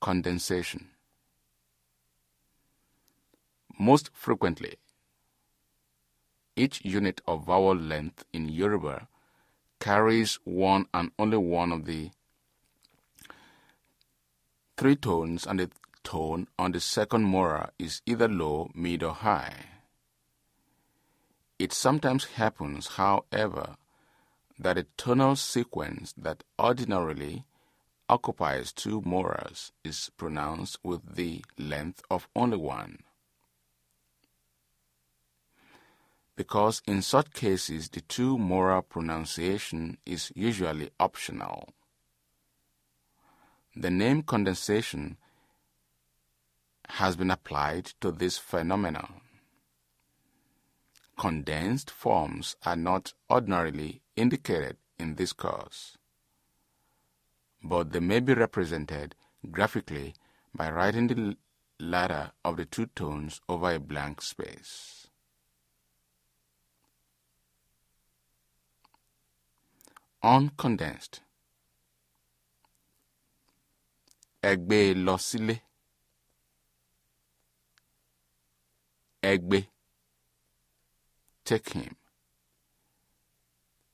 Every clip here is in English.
condensation. Most frequently, each unit of vowel length in Yoruba carries one and only one of the three tones and the tone on the second mora is either low, mid or high. It sometimes happens, however, that a tonal sequence that ordinarily occupies two moras is pronounced with the length of only one. Because in such cases the two mora pronunciation is usually optional. The name condensation has been applied to this phenomenon. Condensed forms are not ordinarily indicated in this course but they may be represented graphically by writing the letter of the two tones over a blank space. Uncondensed. Ẹgbẹ́ losile. Ẹgbẹ́. Take him.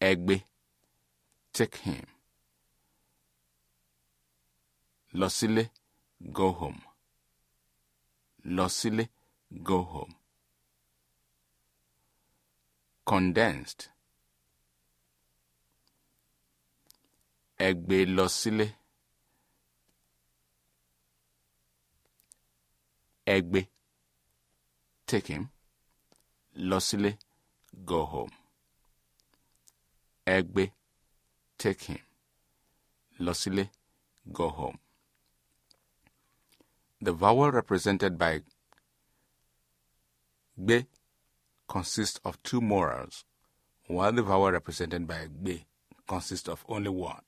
Ẹgbẹ́. Take him. Losile, go home Losile, go home condensed Egbe, losile. Egbe, take him Losile, go home Egbe, take him Losile, go home. The vowel represented by b consists of two morals, while the vowel represented by b consists of only one.